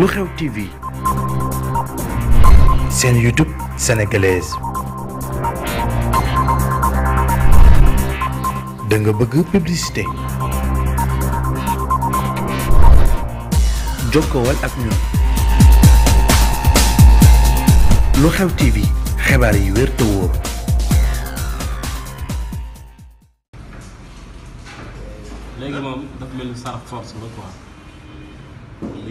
lu xew TV seen YouTube sénégalaise da bëgg publicité jokkowal ak ñun lu xew TV xibaar yi wér wóor.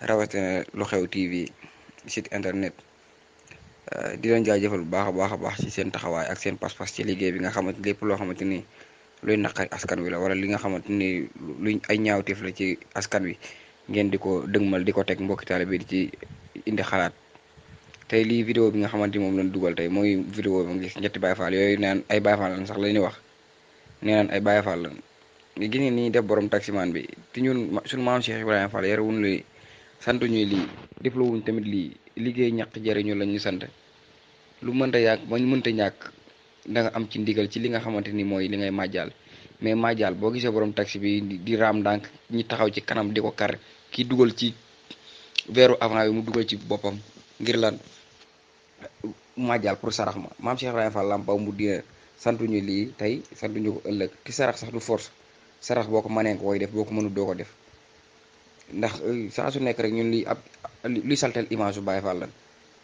rawatina lu xew TV site internet euh, di leen jaajëfal bu baax a baax baax ci seen taxawaay ak seen pas-pas ci liggéey bi nga xamante lépp loo xamante ni luy naqari askan wi la wala li nga xamante ni luñ ñaaw ñaawteef la ci askan wi ngeen di ko dëgmal di ko teg mbokki taalibe bi di ci indi xalaat te lii vidéo bi nga xamante ni moom lañ dugal tey mooy vidéo bi nga gis ñetti Baye Fall yooyu naan ay Baye Fall lan sax la ñuy wax nee naan ay Baye Fall lan gis ni def borom taximaan bi te ñun suñu maam Cheikh Ibrahima santu ñuy lii deflawuñ tamit lii liggéey ñàq jariñu la ñu sant lu mënta yàgg ba mënta ñàkk danga am ci ndigal ci li nga xamante ni mooy li ngay màjjaal mais màjjaal boo gisee borom taxi bi di raam ndànk ñi taxaw ci kanam di ko kar kii dugal ci weeru avant bi mu dugal ci boppam ngir lan màjjaal pour sarax ma maam Cheikh Ibrahima Fall Lamp Baw mu dina santuñu lii tey santuñu ko ëllëg ki sarax sax du force sarax boo ko mënee nga koy def boo ko mënu doo ko def ndax euh, saa su nekk rek ñun lii ab luy salteel image bu Baye Fall lan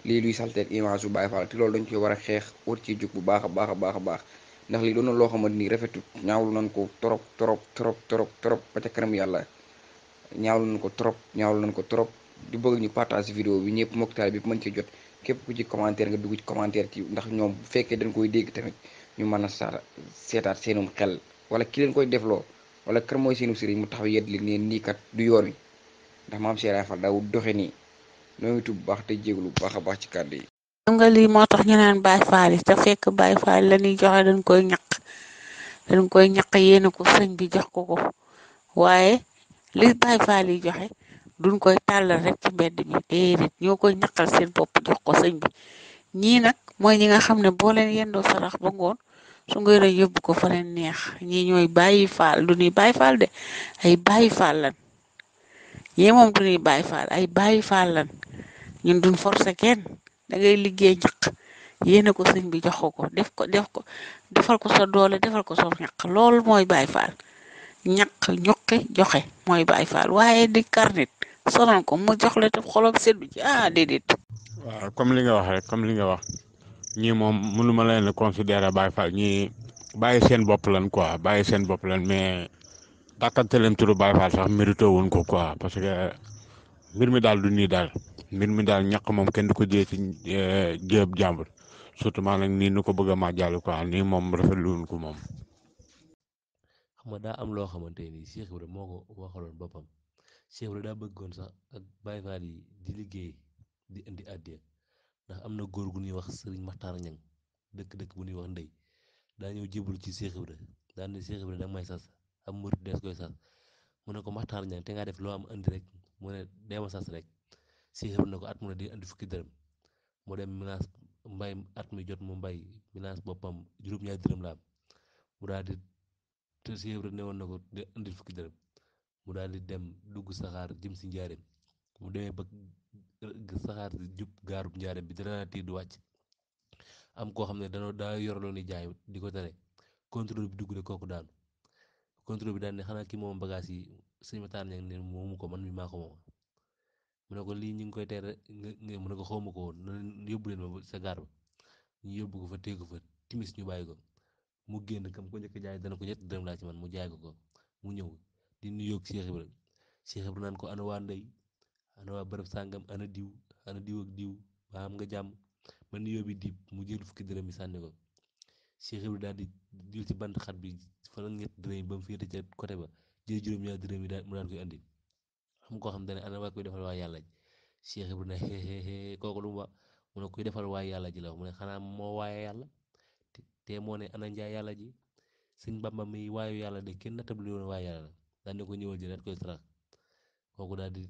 lii luy salteel image bu Baye Fall te loolu dañ ci war a xeex war ci jug bu baax a baax a baax a baax ndax lii doon na loo xamante ni rafetul ñaawlu nañ ko trop trop trop trop trop ba ca kanam yàlla ñaawlu nañ ko trop ñaawlu nañ ko trop di bëgg ñu partage vidéo bi ñëpp mokkitaal bi mën ci jot képp ku ci commentaire nga dugg ci commentaire ci ndax ñoom bu fekkee dañ koy dégg tamit ñu mën a saata seetaat seenum xel wala ki leen koy defloo wala kër mooy seenu sëriñ mu taxaw yedd li neen nii kat du yoon ndax maam Cheikh Ibra Fall daawul doxe nii nooy tub baax te jéglu baax a baax ci kàddu yi. xam nga lii moo tax ñu naan Baye Fall te fekk Baye Fall la ñuy joxe dañ koy ñaq koy ñaq yéene ko sëñ bi jox ko ko waaye li Baye duñ koy tàllal rek ci mbedd mi déedéet ñoo koy ñaqal seen bopp jox ko sëñ bi ñii nag mooy ñi nga xam ne boo leen yendoo sarax ba ngoon su ngay yóbbu ko fa leen neex ñii ñooy Baye Fall du ñuy Baye de ay Baye Fall lan yee moom du ñuy faal ay bàyyi faal lan ñun duñ forcé kenn da ngay liggéey ñaq yéene ko sëñ bi jox ko ko def ko def ko defal ko sa doole defal ko sa ñaq lool mooy bàyyi faal ñaq ñuqi joxe mooy bàyyi faal waaye di kar nit sonal ko mu jox la te xolom seddu ci ah déedéet. waaw comme li nga wax rek comme li nga wax ñi moom mënu ma leen considérer bàyyi faal ñii bàyyi seen bopp lan quoi bàyyi seen bopp lan mais. dàkkante leen turu Baye Fall sax mérité woon ko quoi parce que mbir mi daal du nii daal mbir mi daal ñàkk moom kenn du ko jiyee ci euh, jéeb jàmbur surtout maanaam nii nu ko bëgg a maa jàll nii moom rafetlu woon ko moom. xam daa am loo xamante ni Cheikh Ibrahima moo ko waxaloon boppam Cheikh Ibrahima daa bëggoon sax ak Baye Fall yi di liggéey di indi àddiya ndax am na góor gu ñuy wax Serigne Makhtar Niang dëkk-dëkk bu ñuy wax ndey daa ñëw jibul ci Cheikh Ibrahima daa ne Cheikh Ibrahima da may sas am murit dees koy sas mu ne ko maxtaar ñang te ngaa def loo am indi rek mu ne deema sas rek si xëb na ko at mu ne di indi fukki dërëm mu dem minaas mbay at mi jot mu mbay minaas boppam juróom-ñaari dërëm la daal di ne woon na ko di fukki dërëm mu daal di dem dugg saxaar jëm si njaareem mu demee ba saxaar jub gaarub njaareem bi dana tiir du wàcc am koo xam ne danoo daa yoraloon ni jaay di ko tere contrôle bi dugg de kooku daanu contrôle bi daal ne xanaa ki moom bagage yi sëñ Matar Niang ne moom ko man mi maa ko mu ne ko lii ñu ngi koy teel nga mu ne ko xawma ko woon na yóbbu leen ma sa gaar ba ñu yóbbu ko fa téye ko fa timis ñu bàyyi ko mu génn kam ko njëkk jaay dana ko ñett dërëm laa ci man mu jaay ko ko mu ñëw di nuyoog Cheikh Ibra Cheikh Ibra naan ko ana waa ndey ana waa bërëb sàngam ana diw ana diw ak diw ba am nga jàmm ba nuyoo bi diib mu jël fukki dërëm yi sànni ko Cheikh Ibra daal di jël ci bant xat bi fanal ñetti dërëm yi ba mu féete ca côté ba jël juróom koo xam ne ana waa koy defal waa yàlla ji Cheikh Ibrahima xeexeexee lu mu wax kuy defal waa yàlla ji la mu ne xanaa moo waaye yàlla te moo ne ana njaay yàlla ji sëñ Bamba mi waayu yàlla de kenn nattablu woon waaye yàlla la daan ko ñëwal ji daal koy sarax kooku daal di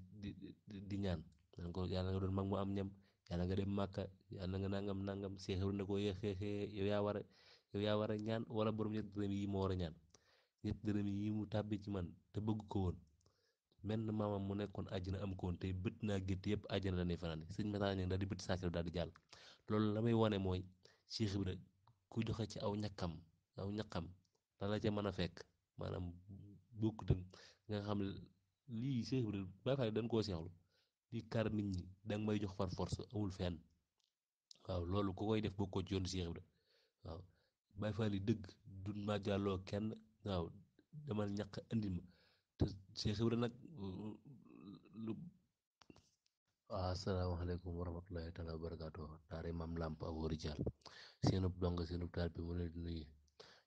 di ñaan daan ko yàlla nga doon mag mu am ñam yàlla nga dem màkka yàlla nga nangam nangam Cheikh Ibrahima ne ko yéexeexee yow yaa war yow yaa war a ñaan wala borom ñetti dërëm yi moo war a ñaan ñetti dërëm yi mu tàbbi ci man te bëgg ko woon menn maamam mu nekkoon àjjana am ko woon te bët naa gétt yëpp àjjana dañuy fanaan sëñ Mata Ñaŋ daal di bët saakir loolu la may wane mooy Cheikh Ibra ku joxe ci aw ñàkkam aw ñàkkam la la ca mën a fekk maanaam bokkut ak nga xam lii Cheikh dañ koo seexlu lii kar nit ñi danga may jox par force awul fenn waaw loolu ku koy def bokkoo ci yoonu Cheikh Ibra waaw Baay Faal yi dëgg duñ ma jàlloo kenn waaw demal ñàq andi ma te Cheikh Ibra nag lu waaw asalaamaaleykum wa rahmatulahi taala wa barakaatu daara làmp ab wóoru jaal seenub dong seenub taal bi mu leen di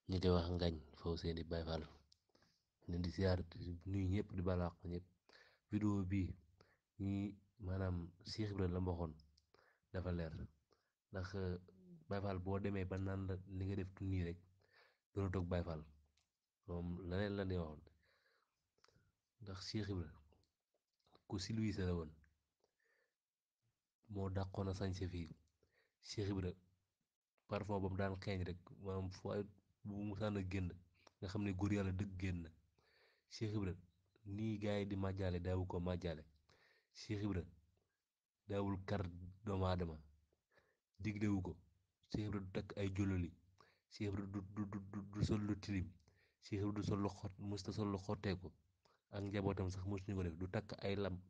ñu koy wax ngañ faw seeni Baay Faal leen di siyaar nuyu ñëpp di balaax ñëpp vidéo bii ñi maanaam Cheikh Ibra la mboxoon dafa leer ndax bayfal boo demee ba naan la li nga def nii rek doona toog bayfal moom leneen la dee waxoon ndax Cheikh Ibra ku silwiise la woon moo dàqoon a sañse fii Cheikh Ibra ba mu daan xeeñ rek maanaam fu ay bu mu sànn génn nga xam ne góor yàlla dëgg génn na Cheikh Ibra nii gars yi di màjjaale daawu ko màjjaale Cheikh Ibra daawul kar doomu aadama diglewu ko Cheikh Ibra du takk ay jololi Cheikh Ibra du sol lu tilim Cheikh Ibra du sol lu xot musta sol lu xotteeku ak njabootam sax mosuñu ko def du takk ay lam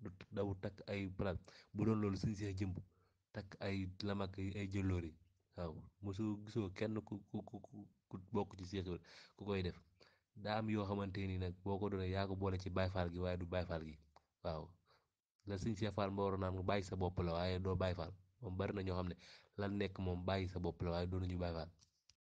takk ay plan bu doon loolu suñu seex jëmb takk ay lam ay jëloori waaw mosoo kenn ku ku ku bokk ci Seex ku koy def daa am yoo xamante nii nag boo ko doonee yaa ko boole ci Baay Faal gi waaye du Baay Faal gi waaw la suñu Seex Faal ma waroon naan bàyyi sa bopp la waaye doo Baay Faal moom bari na ñoo xam ne lan nekk moom bàyyi sa bopp la waaye doonuñu bàyyi faal